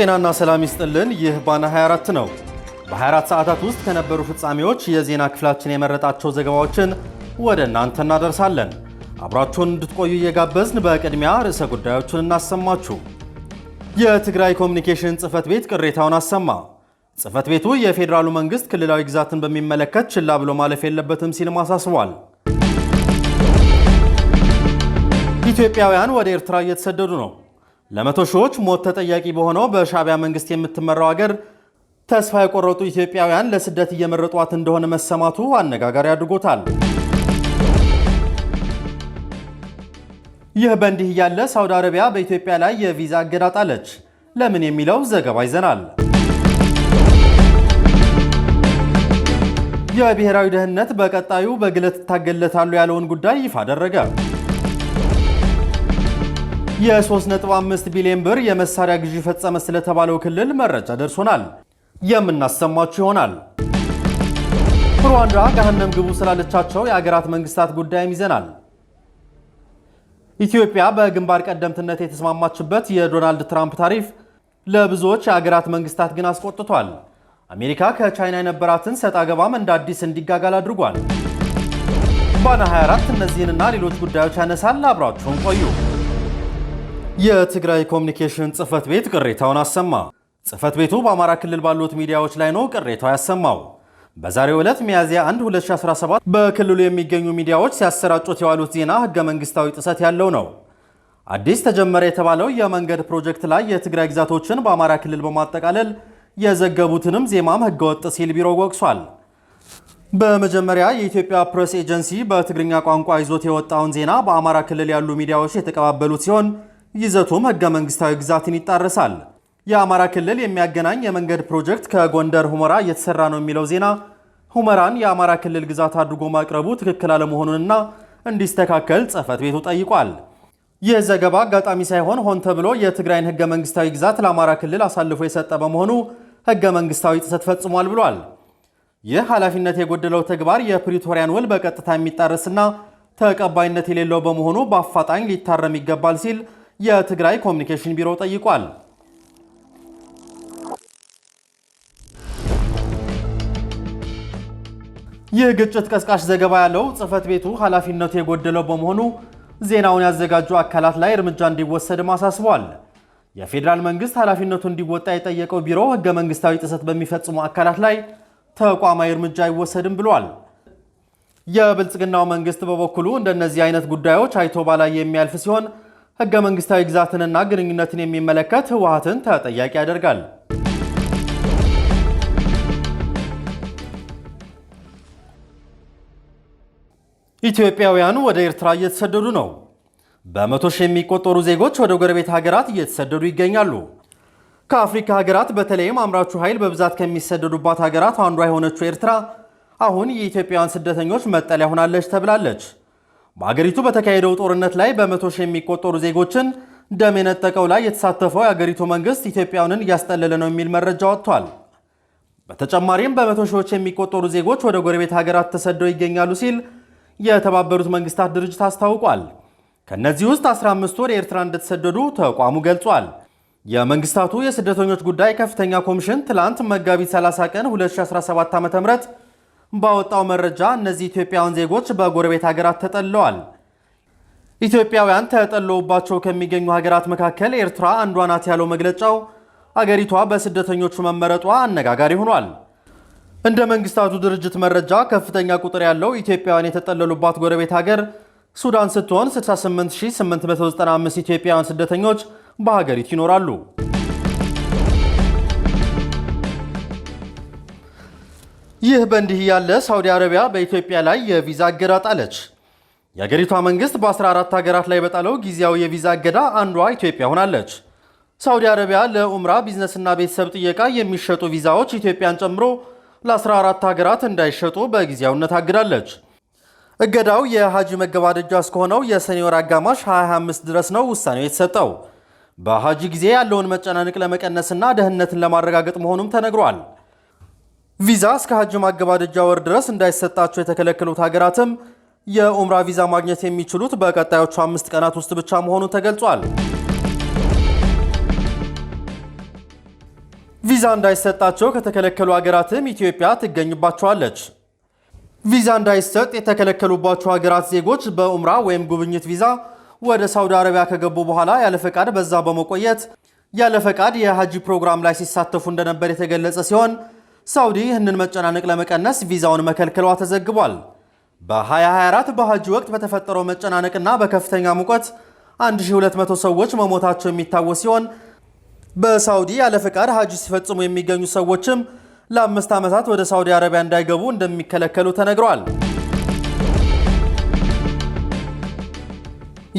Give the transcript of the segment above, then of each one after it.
ጤናና ሰላም ይስጥልን። ይህ ባና 24 ነው። በ24 ሰዓታት ውስጥ ከነበሩ ፍጻሜዎች የዜና ክፍላችን የመረጣቸው ዘገባዎችን ወደ እናንተ እናደርሳለን። አብራችሁን እንድትቆዩ እየጋበዝን በቅድሚያ ርዕሰ ጉዳዮቹን እናሰማችሁ። የትግራይ ኮሚኒኬሽን ጽህፈት ቤት ቅሬታውን አሰማ። ጽህፈት ቤቱ የፌዴራሉ መንግስት ክልላዊ ግዛትን በሚመለከት ችላ ብሎ ማለፍ የለበትም ሲልም አሳስቧል። ኢትዮጵያውያን ወደ ኤርትራ እየተሰደዱ ነው። ለመቶ ሺዎች ሞት ተጠያቂ በሆነው በሻዕቢያ መንግስት የምትመራው ሀገር ተስፋ የቆረጡ ኢትዮጵያውያን ለስደት እየመረጧት እንደሆነ መሰማቱ አነጋጋሪ አድርጎታል። ይህ በእንዲህ እያለ ሳውዲ አረቢያ በኢትዮጵያ ላይ የቪዛ እገዳ ጣለች። ለምን የሚለው ዘገባ ይዘናል። የብሔራዊ ደህንነት በቀጣዩ በግለት ታገለታሉ ያለውን ጉዳይ ይፋ አደረገ። የ3.5 ቢሊዮን ብር የመሳሪያ ግዢ ፈጸመ ስለተባለው ክልል መረጃ ደርሶናል፣ የምናሰማችሁ ይሆናል። ሩዋንዳ ገሃነም ግቡ ስላለቻቸው የአገራት መንግስታት ጉዳይም ይዘናል። ኢትዮጵያ በግንባር ቀደምትነት የተስማማችበት የዶናልድ ትራምፕ ታሪፍ ለብዙዎች የአገራት መንግስታት ግን አስቆጥቷል። አሜሪካ ከቻይና የነበራትን ሰጥ አገባም እንደ አዲስ እንዲጋጋል አድርጓል። ባና 24 እነዚህንና ሌሎች ጉዳዮች ያነሳል። አብራችሁን ቆዩ። የትግራይ ኮሚኒኬሽን ጽህፈት ቤት ቅሬታውን አሰማ። ጽህፈት ቤቱ በአማራ ክልል ባሉት ሚዲያዎች ላይ ነው ቅሬታው ያሰማው። በዛሬው ዕለት ሚያዝያ 1 2017 በክልሉ የሚገኙ ሚዲያዎች ሲያሰራጩት የዋሉት ዜና ህገ መንግስታዊ ጥሰት ያለው ነው። አዲስ ተጀመረ የተባለው የመንገድ ፕሮጀክት ላይ የትግራይ ግዛቶችን በአማራ ክልል በማጠቃለል የዘገቡትንም ዜማም ህገወጥ ሲል ቢሮ ወቅሷል። በመጀመሪያ የኢትዮጵያ ፕሬስ ኤጀንሲ በትግርኛ ቋንቋ ይዞት የወጣውን ዜና በአማራ ክልል ያሉ ሚዲያዎች የተቀባበሉት ሲሆን ይዘቱም ህገ መንግስታዊ ግዛትን ይጣረሳል። የአማራ ክልል የሚያገናኝ የመንገድ ፕሮጀክት ከጎንደር ሁመራ እየተሰራ ነው የሚለው ዜና ሁመራን የአማራ ክልል ግዛት አድርጎ ማቅረቡ ትክክል አለመሆኑንና እንዲስተካከል ጽህፈት ቤቱ ጠይቋል። ይህ ዘገባ አጋጣሚ ሳይሆን ሆን ተብሎ የትግራይን ህገ መንግስታዊ ግዛት ለአማራ ክልል አሳልፎ የሰጠ በመሆኑ ህገ መንግስታዊ ጥሰት ፈጽሟል ብሏል። ይህ ኃላፊነት የጎደለው ተግባር የፕሪቶሪያን ውል በቀጥታ የሚጣረስና ተቀባይነት የሌለው በመሆኑ በአፋጣኝ ሊታረም ይገባል ሲል የትግራይ ኮሚኒኬሽን ቢሮ ጠይቋል። ይህ ግጭት ቀስቃሽ ዘገባ ያለው ጽህፈት ቤቱ ኃላፊነቱ የጎደለው በመሆኑ ዜናውን ያዘጋጁ አካላት ላይ እርምጃ እንዲወሰድም አሳስቧል። የፌዴራል መንግስት ኃላፊነቱ እንዲወጣ የጠየቀው ቢሮ ህገ መንግስታዊ ጥሰት በሚፈጽሙ አካላት ላይ ተቋማዊ እርምጃ አይወሰድም ብሏል። የብልጽግናው መንግስት በበኩሉ እንደነዚህ አይነት ጉዳዮች አይቶ ባላይ የሚያልፍ ሲሆን ህገ መንግስታዊ ግዛትንና ግንኙነትን የሚመለከት ህወሓትን ተጠያቂ ያደርጋል። ኢትዮጵያውያኑ ወደ ኤርትራ እየተሰደዱ ነው። በመቶ ሺህ የሚቆጠሩ ዜጎች ወደ ጎረቤት ሀገራት እየተሰደዱ ይገኛሉ። ከአፍሪካ ሀገራት በተለይም አምራቹ ኃይል በብዛት ከሚሰደዱባት ሀገራት አንዷ የሆነችው ኤርትራ አሁን የኢትዮጵያውያን ስደተኞች መጠለያ ሆናለች ተብላለች። በአገሪቱ በተካሄደው ጦርነት ላይ በመቶ ሺህ የሚቆጠሩ ዜጎችን ደም የነጠቀው ላይ የተሳተፈው የአገሪቱ መንግስት ኢትዮጵያውንን እያስጠለለ ነው የሚል መረጃ ወጥቷል። በተጨማሪም በመቶ ሺዎች የሚቆጠሩ ዜጎች ወደ ጎረቤት ሀገራት ተሰደው ይገኛሉ ሲል የተባበሩት መንግስታት ድርጅት አስታውቋል። ከእነዚህ ውስጥ 15 ወደ ኤርትራ እንደተሰደዱ ተቋሙ ገልጿል። የመንግስታቱ የስደተኞች ጉዳይ ከፍተኛ ኮሚሽን ትላንት መጋቢት 30 ቀን 2017 ዓ.ም ባወጣው መረጃ እነዚህ ኢትዮጵያውያን ዜጎች በጎረቤት ሀገራት ተጠለዋል። ኢትዮጵያውያን ተጠለውባቸው ከሚገኙ ሀገራት መካከል ኤርትራ አንዷ ናት ያለው መግለጫው አገሪቷ በስደተኞቹ መመረጧ አነጋጋሪ ሆኗል። እንደ መንግስታቱ ድርጅት መረጃ ከፍተኛ ቁጥር ያለው ኢትዮጵያውያን የተጠለሉባት ጎረቤት ሀገር ሱዳን ስትሆን 68895 ኢትዮጵያውያን ስደተኞች በሀገሪቱ ይኖራሉ። ይህ በእንዲህ ያለ ሳውዲ አረቢያ በኢትዮጵያ ላይ የቪዛ እገዳ ጣለች። የአገሪቷ መንግስት በ14 ሀገራት ላይ በጣለው ጊዜያዊ የቪዛ እገዳ አንዷ ኢትዮጵያ ሆናለች። ሳውዲ አረቢያ ለኡምራ ቢዝነስና ቤተሰብ ጥየቃ የሚሸጡ ቪዛዎች ኢትዮጵያን ጨምሮ ለ14 ሀገራት እንዳይሸጡ በጊዜያዊነት አግዳለች። እገዳው የሀጂ መገባደጃ እስከሆነው የሰኔ ወር አጋማሽ 25 ድረስ ነው ውሳኔው የተሰጠው። በሀጂ ጊዜ ያለውን መጨናነቅ ለመቀነስና ደህንነትን ለማረጋገጥ መሆኑም ተነግሯል። ቪዛ እስከ ሀጅ ማገባደጃ ወር ድረስ እንዳይሰጣቸው የተከለከሉት ሀገራትም የኡምራ ቪዛ ማግኘት የሚችሉት በቀጣዮቹ አምስት ቀናት ውስጥ ብቻ መሆኑ ተገልጿል። ቪዛ እንዳይሰጣቸው ከተከለከሉ ሀገራትም ኢትዮጵያ ትገኝባቸዋለች። ቪዛ እንዳይሰጥ የተከለከሉባቸው ሀገራት ዜጎች በኡምራ ወይም ጉብኝት ቪዛ ወደ ሳውዲ አረቢያ ከገቡ በኋላ ያለ ፈቃድ በዛ በመቆየት ያለ ፈቃድ የሀጂ ፕሮግራም ላይ ሲሳተፉ እንደነበር የተገለጸ ሲሆን ሳውዲ ይህንን መጨናነቅ ለመቀነስ ቪዛውን መከልከሏ ተዘግቧል። በ2024 በሐጅ ወቅት በተፈጠረው መጨናነቅና በከፍተኛ ሙቀት 1200 ሰዎች መሞታቸው የሚታወስ ሲሆን በሳውዲ ያለ ሀጅ ሐጅ ሲፈጽሙ የሚገኙ ሰዎችም ለአምስት ዓመታት ወደ ሳውዲ አረቢያ እንዳይገቡ እንደሚከለከሉ ተነግሯል።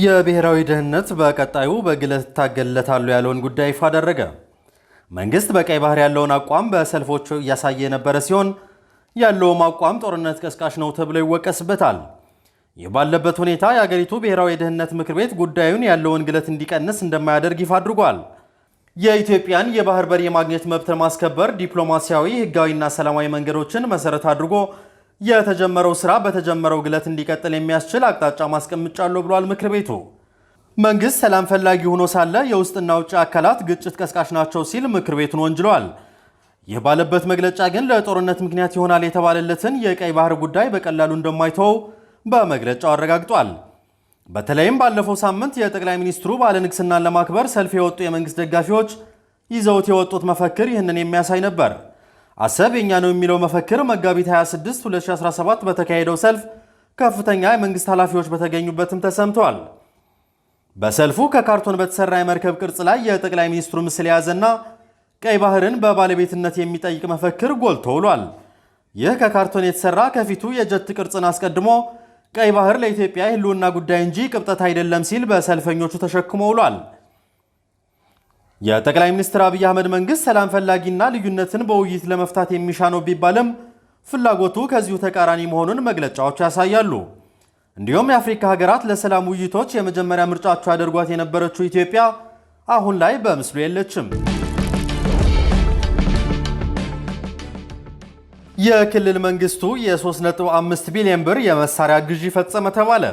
የብሔራዊ ደህንነት በቀጣዩ በግለት ታገልለታሉ ያለውን ጉዳይ ይፋ አደረገ። መንግስት በቀይ ባህር ያለውን አቋም በሰልፎቹ እያሳየ የነበረ ሲሆን ያለውም አቋም ጦርነት ቀስቃሽ ነው ተብሎ ይወቀስበታል። ይህ ባለበት ሁኔታ የአገሪቱ ብሔራዊ የደህንነት ምክር ቤት ጉዳዩን ያለውን ግለት እንዲቀንስ እንደማያደርግ ይፋ አድርጓል። የኢትዮጵያን የባህር በር የማግኘት መብት ለማስከበር ዲፕሎማሲያዊ፣ ህጋዊና ሰላማዊ መንገዶችን መሰረት አድርጎ የተጀመረው ስራ በተጀመረው ግለት እንዲቀጥል የሚያስችል አቅጣጫ ማስቀምጫለሁ ብሏል ምክር ቤቱ። መንግስት ሰላም ፈላጊ ሆኖ ሳለ የውስጥና ውጭ አካላት ግጭት ቀስቃሽ ናቸው ሲል ምክር ቤቱን ወንጅሏል። ይህ ባለበት መግለጫ ግን ለጦርነት ምክንያት ይሆናል የተባለለትን የቀይ ባህር ጉዳይ በቀላሉ እንደማይተው በመግለጫው አረጋግጧል። በተለይም ባለፈው ሳምንት የጠቅላይ ሚኒስትሩ ባለንግስናን ንግስናን ለማክበር ሰልፍ የወጡ የመንግስት ደጋፊዎች ይዘውት የወጡት መፈክር ይህንን የሚያሳይ ነበር። አሰብ የእኛ ነው የሚለው መፈክር መጋቢት 26 2017 በተካሄደው ሰልፍ ከፍተኛ የመንግስት ኃላፊዎች በተገኙበትም ተሰምቷል። በሰልፉ ከካርቶን በተሰራ የመርከብ ቅርጽ ላይ የጠቅላይ ሚኒስትሩ ምስል የያዘና ቀይ ባህርን በባለቤትነት የሚጠይቅ መፈክር ጎልቶ ውሏል። ይህ ከካርቶን የተሰራ ከፊቱ የጀት ቅርጽን አስቀድሞ ቀይ ባህር ለኢትዮጵያ የሕልውና ጉዳይ እንጂ ቅብጠት አይደለም ሲል በሰልፈኞቹ ተሸክሞ ውሏል። የጠቅላይ ሚኒስትር አብይ አህመድ መንግሥት ሰላም ፈላጊና ልዩነትን በውይይት ለመፍታት የሚሻ ነው ቢባልም ፍላጎቱ ከዚሁ ተቃራኒ መሆኑን መግለጫዎች ያሳያሉ። እንዲሁም የአፍሪካ ሀገራት ለሰላም ውይይቶች የመጀመሪያ ምርጫቸው ያደርጓት የነበረችው ኢትዮጵያ አሁን ላይ በምስሉ የለችም። የክልል መንግስቱ የ3.5 ቢሊዮን ብር የመሳሪያ ግዢ ፈጸመ ተባለ።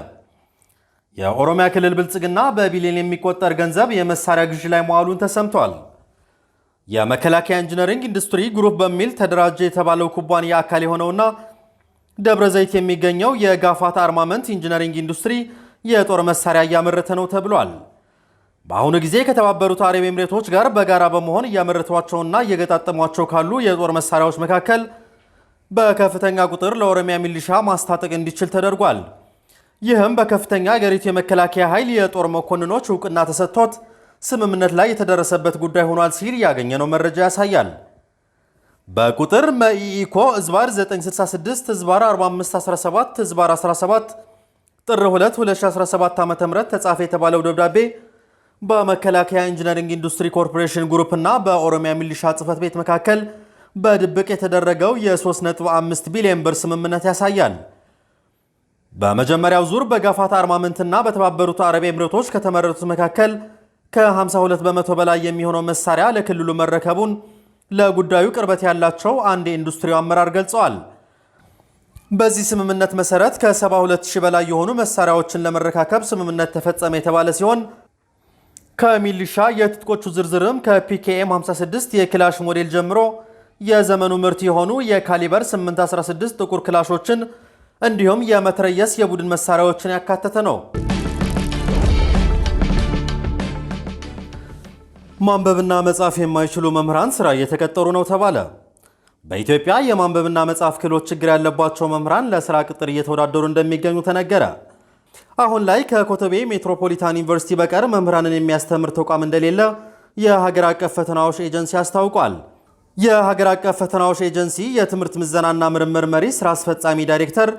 የኦሮሚያ ክልል ብልጽግና በቢሊዮን የሚቆጠር ገንዘብ የመሳሪያ ግዢ ላይ መዋሉን ተሰምቷል። የመከላከያ ኢንጂነሪንግ ኢንዱስትሪ ግሩፕ በሚል ተደራጀ የተባለው ኩባንያ አካል የሆነውና ደብረ ዘይት የሚገኘው የጋፋት አርማመንት ኢንጂነሪንግ ኢንዱስትሪ የጦር መሳሪያ እያመረተ ነው ተብሏል። በአሁኑ ጊዜ ከተባበሩት አረብ ኤምሬቶች ጋር በጋራ በመሆን እያመረቷቸውና እየገጣጠሟቸው ካሉ የጦር መሳሪያዎች መካከል በከፍተኛ ቁጥር ለኦሮሚያ ሚሊሻ ማስታጠቅ እንዲችል ተደርጓል። ይህም በከፍተኛ የአገሪቱ የመከላከያ ኃይል የጦር መኮንኖች እውቅና ተሰጥቶት ስምምነት ላይ የተደረሰበት ጉዳይ ሆኗል ሲል ያገኘነው መረጃ ያሳያል። በቁጥር መኢኢኮ ዝባር 966 ዝባር 4517 ዝባር 17 ጥር 2 2017 ዓ ም ተጻፈ የተባለው ደብዳቤ በመከላከያ ኢንጂነሪንግ ኢንዱስትሪ ኮርፖሬሽን እና በኦሮሚያ ሚሊሻ ጽህፈት ቤት መካከል በድብቅ የተደረገው የ3.5 ቢሊዮን ብር ስምምነት ያሳያል። በመጀመሪያው ዙር በጋፋት አርማመንትና በተባበሩት አረብ ኤምሬቶች ከተመረቱት መካከል ከ52 በመቶ በላይ የሚሆነው መሳሪያ ለክልሉ መረከቡን ለጉዳዩ ቅርበት ያላቸው አንድ የኢንዱስትሪው አመራር ገልጸዋል። በዚህ ስምምነት መሰረት ከ72 ሺህ በላይ የሆኑ መሳሪያዎችን ለመረካከብ ስምምነት ተፈጸመ የተባለ ሲሆን ከሚሊሻ የትጥቆቹ ዝርዝርም ከፒኬኤም 56 የክላሽ ሞዴል ጀምሮ የዘመኑ ምርት የሆኑ የካሊበር 816 ጥቁር ክላሾችን እንዲሁም የመትረየስ የቡድን መሳሪያዎችን ያካተተ ነው። ማንበብና መጻፍ የማይችሉ መምህራን ስራ እየተቀጠሩ ነው ተባለ። በኢትዮጵያ የማንበብና መጻፍ ክህሎት ችግር ያለባቸው መምህራን ለስራ ቅጥር እየተወዳደሩ እንደሚገኙ ተነገረ። አሁን ላይ ከኮተቤ ሜትሮፖሊታን ዩኒቨርሲቲ በቀር መምህራንን የሚያስተምር ተቋም እንደሌለ የሀገር አቀፍ ፈተናዎች ኤጀንሲ አስታውቋል። የሀገር አቀፍ ፈተናዎች ኤጀንሲ የትምህርት ምዘናና ምርምር መሪ ስራ አስፈጻሚ ዳይሬክተር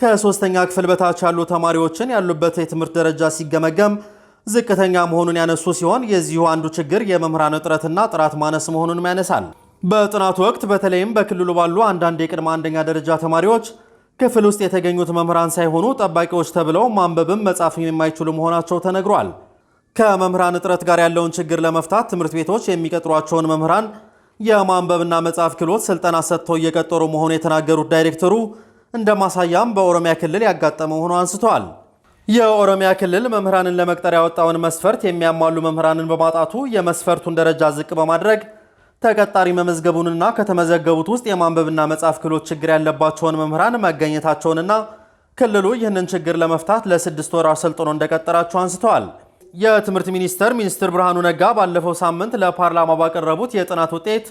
ከሶስተኛ ክፍል በታች ያሉ ተማሪዎችን ያሉበት የትምህርት ደረጃ ሲገመገም ዝቅተኛ መሆኑን ያነሱ ሲሆን የዚሁ አንዱ ችግር የመምህራን እጥረትና ጥራት ማነስ መሆኑንም ያነሳል። በጥናቱ ወቅት በተለይም በክልሉ ባሉ አንዳንድ የቅድመ አንደኛ ደረጃ ተማሪዎች ክፍል ውስጥ የተገኙት መምህራን ሳይሆኑ ጠባቂዎች ተብለው ማንበብም መጻፍም የማይችሉ መሆናቸው ተነግሯል። ከመምህራን እጥረት ጋር ያለውን ችግር ለመፍታት ትምህርት ቤቶች የሚቀጥሯቸውን መምህራን የማንበብና መጻፍ ክህሎት ስልጠና ሰጥተው እየቀጠሩ መሆኑ የተናገሩት ዳይሬክተሩ እንደ ማሳያም በኦሮሚያ ክልል ያጋጠመ ሆኖ አንስተዋል። የኦሮሚያ ክልል መምህራንን ለመቅጠር ያወጣውን መስፈርት የሚያሟሉ መምህራንን በማጣቱ የመስፈርቱን ደረጃ ዝቅ በማድረግ ተቀጣሪ መመዝገቡንና ከተመዘገቡት ውስጥ የማንበብና መጻፍ ክህሎት ችግር ያለባቸውን መምህራን መገኘታቸውንና ክልሉ ይህንን ችግር ለመፍታት ለስድስት ወር አሰልጥኖ እንደቀጠራቸው አንስተዋል። የትምህርት ሚኒስቴር ሚኒስትር ብርሃኑ ነጋ ባለፈው ሳምንት ለፓርላማ ባቀረቡት የጥናት ውጤት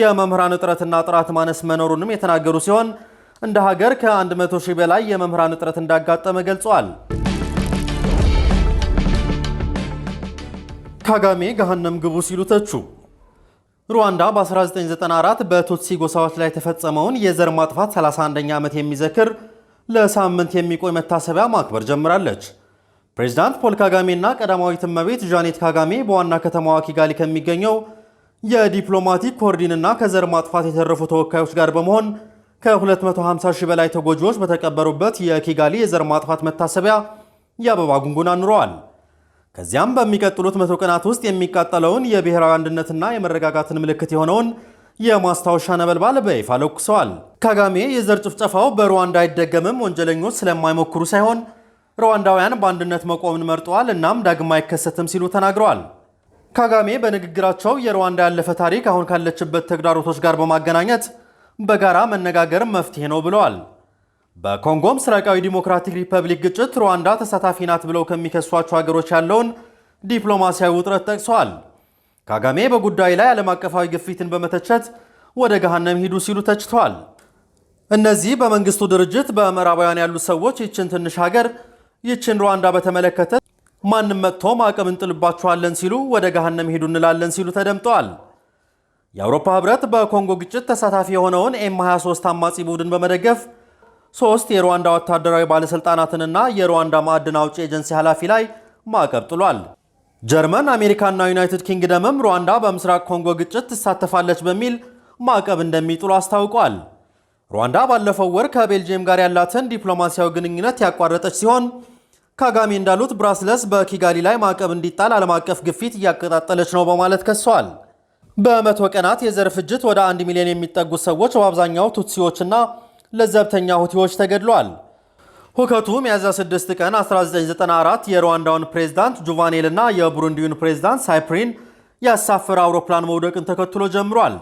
የመምህራን እጥረትና ጥራት ማነስ መኖሩንም የተናገሩ ሲሆን እንደ ሀገር ከ100 ሺህ በላይ የመምህራን እጥረት እንዳጋጠመ ገልጸዋል። ካጋሜ ገሃነም ግቡ ሲሉ ተቹ። ሩዋንዳ በ1994 በቶትሲ ጎሳዎች ላይ የተፈጸመውን የዘር ማጥፋት 31ኛ ዓመት የሚዘክር ለሳምንት የሚቆይ መታሰቢያ ማክበር ጀምራለች። ፕሬዚዳንት ፖል ካጋሜና ቀዳማዊት እመቤት ዣኔት ካጋሜ በዋና ከተማዋ ኪጋሊ ከሚገኘው የዲፕሎማቲክ ኮርዲንና ከዘር ማጥፋት የተረፉ ተወካዮች ጋር በመሆን ከ250 ሺህ በላይ ተጎጂዎች በተቀበሩበት የኪጋሊ የዘር ማጥፋት መታሰቢያ የአበባ ጉንጉን አኑረዋል። ከዚያም በሚቀጥሉት መቶ ቀናት ውስጥ የሚቃጠለውን የብሔራዊ አንድነትና የመረጋጋትን ምልክት የሆነውን የማስታወሻ ነበልባል በይፋ ለኩሰዋል። ካጋሜ የዘር ጭፍጨፋው በሩዋንዳ አይደገምም፣ ወንጀለኞች ስለማይሞክሩ ሳይሆን ሩዋንዳውያን በአንድነት መቆምን መርጠዋል፣ እናም ዳግም አይከሰትም ሲሉ ተናግረዋል። ካጋሜ በንግግራቸው የሩዋንዳ ያለፈ ታሪክ አሁን ካለችበት ተግዳሮቶች ጋር በማገናኘት በጋራ መነጋገር መፍትሄ ነው ብለዋል። በኮንጎ ምስራቃዊ ዲሞክራቲክ ሪፐብሊክ ግጭት ሩዋንዳ ተሳታፊ ናት ብለው ከሚከሷቸው ሀገሮች ያለውን ዲፕሎማሲያዊ ውጥረት ጠቅሰዋል። ካጋሜ በጉዳዩ ላይ ዓለም አቀፋዊ ግፊትን በመተቸት ወደ ገሃነም ሂዱ ሲሉ ተችተዋል። እነዚህ በመንግስቱ ድርጅት በምዕራባውያን ያሉ ሰዎች ይችን ትንሽ ሀገር ይችን ሩዋንዳ በተመለከተ ማንም መጥቶ ማዕቀብ እንጥልባችኋለን ሲሉ ወደ ገሃነም ሂዱ እንላለን ሲሉ ተደምጠዋል። የአውሮፓ ህብረት በኮንጎ ግጭት ተሳታፊ የሆነውን ኤም 23 አማጺ ቡድን በመደገፍ ሶስት የሩዋንዳ ወታደራዊ ባለሥልጣናትንና የሩዋንዳ ማዕድን አውጪ ኤጀንሲ ኃላፊ ላይ ማዕቀብ ጥሏል። ጀርመን፣ አሜሪካና ዩናይትድ ኪንግደምም ሩዋንዳ በምስራቅ ኮንጎ ግጭት ትሳተፋለች በሚል ማዕቀብ እንደሚጥሉ አስታውቋል። ሩዋንዳ ባለፈው ወር ከቤልጅየም ጋር ያላትን ዲፕሎማሲያዊ ግንኙነት ያቋረጠች ሲሆን ካጋሜ እንዳሉት ብራስለስ በኪጋሊ ላይ ማዕቀብ እንዲጣል ዓለም አቀፍ ግፊት እያቀጣጠለች ነው በማለት ከሰዋል። በመቶ ቀናት የዘር ፍጅት ወደ አንድ ሚሊዮን የሚጠጉ ሰዎች በአብዛኛው ቱትሲዎችና ለዘብተኛ ሁቲዎች ተገድሏል። ሁከቱ ሚያዝያ 6 ቀን 1994 የሩዋንዳውን ፕሬዝዳንት ና የቡሩንዲውን ፕሬዝዳንት ሳይፕሪን ያሳፈረ አውሮፕላን መውደቅን ተከትሎ ጀምሯል።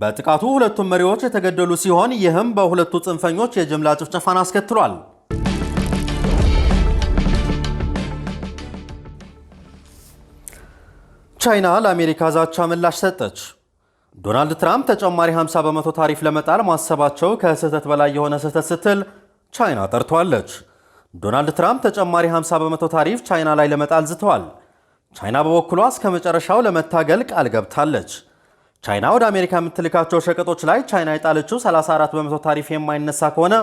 በጥቃቱ ሁለቱም መሪዎች የተገደሉ ሲሆን ይህም በሁለቱ ጽንፈኞች የጅምላ ጭፍጨፋን አስከትሏል። ቻይና ለአሜሪካ ዛቻ ምላሽ ሰጠች። ዶናልድ ትራምፕ ተጨማሪ 50 በመቶ ታሪፍ ለመጣል ማሰባቸው ከስህተት በላይ የሆነ ስህተት ስትል ቻይና ጠርቷለች። ዶናልድ ትራምፕ ተጨማሪ 50 በመቶ ታሪፍ ቻይና ላይ ለመጣል ዝተዋል። ቻይና በበኩሏ እስከ መጨረሻው ለመታገል ቃል ገብታለች። ቻይና ወደ አሜሪካ የምትልካቸው ሸቀጦች ላይ ቻይና የጣለችው 34 በመቶ ታሪፍ የማይነሳ ከሆነ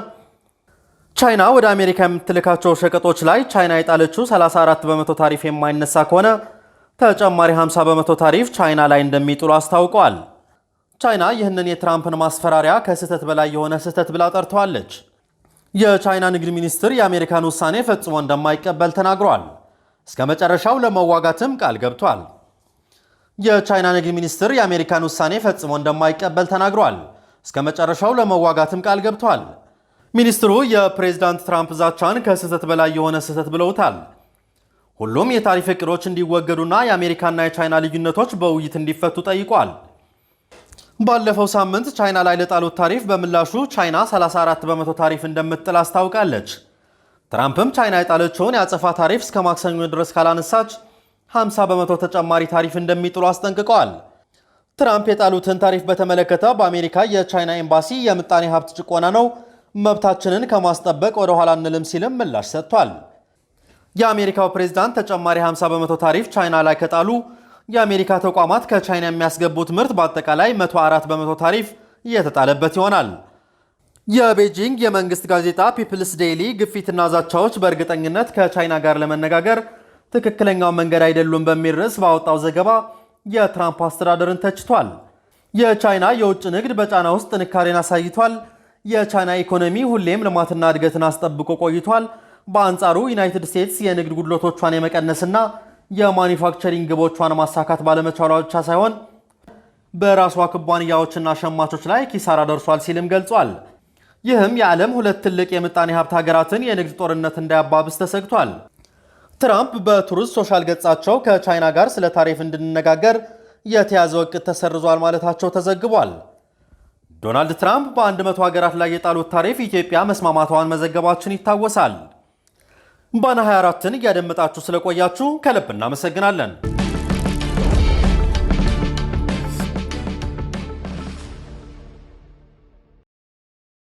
ቻይና ወደ አሜሪካ የምትልካቸው ሸቀጦች ላይ ቻይና የጣለችው 34 በመቶ ታሪፍ የማይነሳ ከሆነ ተጨማሪ 50 በመቶ ታሪፍ ቻይና ላይ እንደሚጥሉ አስታውቋል። ቻይና ይህንን የትራምፕን ማስፈራሪያ ከስህተት በላይ የሆነ ስህተት ብላ ጠርተዋለች። የቻይና ንግድ ሚኒስትር የአሜሪካን ውሳኔ ፈጽሞ እንደማይቀበል ተናግሯል። እስከ መጨረሻው ለመዋጋትም ቃል ገብቷል። የቻይና ንግድ ሚኒስትር የአሜሪካን ውሳኔ ፈጽሞ እንደማይቀበል ተናግሯል። እስከ መጨረሻው ለመዋጋትም ቃል ገብቷል። ሚኒስትሩ የፕሬዝዳንት ትራምፕ ዛቻን ከስህተት በላይ የሆነ ስህተት ብለውታል። ሁሉም የታሪፍ እቅዶች እንዲወገዱና የአሜሪካና የቻይና ልዩነቶች በውይይት እንዲፈቱ ጠይቋል። ባለፈው ሳምንት ቻይና ላይ ለጣሉት ታሪፍ በምላሹ ቻይና 34 በመቶ ታሪፍ እንደምትጥል አስታውቃለች። ትራምፕም ቻይና የጣለችውን የአጸፋ ታሪፍ እስከ ማክሰኞ ድረስ ካላነሳች 50 በመቶ ተጨማሪ ታሪፍ እንደሚጥሉ አስጠንቅቀዋል። ትራምፕ የጣሉትን ታሪፍ በተመለከተ በአሜሪካ የቻይና ኤምባሲ የምጣኔ ሀብት ጭቆና ነው፣ መብታችንን ከማስጠበቅ ወደ ኋላ እንልም ሲልም ምላሽ ሰጥቷል። የአሜሪካው ፕሬዝዳንት ተጨማሪ 50 በመቶ ታሪፍ ቻይና ላይ ከጣሉ የአሜሪካ ተቋማት ከቻይና የሚያስገቡት ምርት በአጠቃላይ 104 በመቶ ታሪፍ እየተጣለበት ይሆናል። የቤጂንግ የመንግስት ጋዜጣ ፒፕልስ ዴይሊ ግፊትና ዛቻዎች በእርግጠኝነት ከቻይና ጋር ለመነጋገር ትክክለኛው መንገድ አይደሉም በሚል ርዕስ ባወጣው ዘገባ የትራምፕ አስተዳደርን ተችቷል። የቻይና የውጭ ንግድ በጫና ውስጥ ጥንካሬን አሳይቷል። የቻይና ኢኮኖሚ ሁሌም ልማትና እድገትን አስጠብቆ ቆይቷል። በአንጻሩ ዩናይትድ ስቴትስ የንግድ ጉድለቶቿን የመቀነስና የማኒፋክቸሪንግ ግቦቿን ማሳካት ባለመቻሏ ብቻ ሳይሆን በራሷ ኩባንያዎችና ሸማቾች ላይ ኪሳራ ደርሷል ሲልም ገልጿል። ይህም የዓለም ሁለት ትልቅ የምጣኔ ሀብት ሀገራትን የንግድ ጦርነት እንዳያባብስ ተሰግቷል። ትራምፕ በቱሪስት ሶሻል ገጻቸው ከቻይና ጋር ስለ ታሪፍ እንድንነጋገር የተያዘ እቅድ ተሰርዟል ማለታቸው ተዘግቧል። ዶናልድ ትራምፕ በ100 ሀገራት ላይ የጣሉት ታሪፍ ኢትዮጵያ መስማማቷን መዘገባችን ይታወሳል። ባና 24ን እያደመጣችሁ ስለቆያችሁ ከልብ እናመሰግናለን።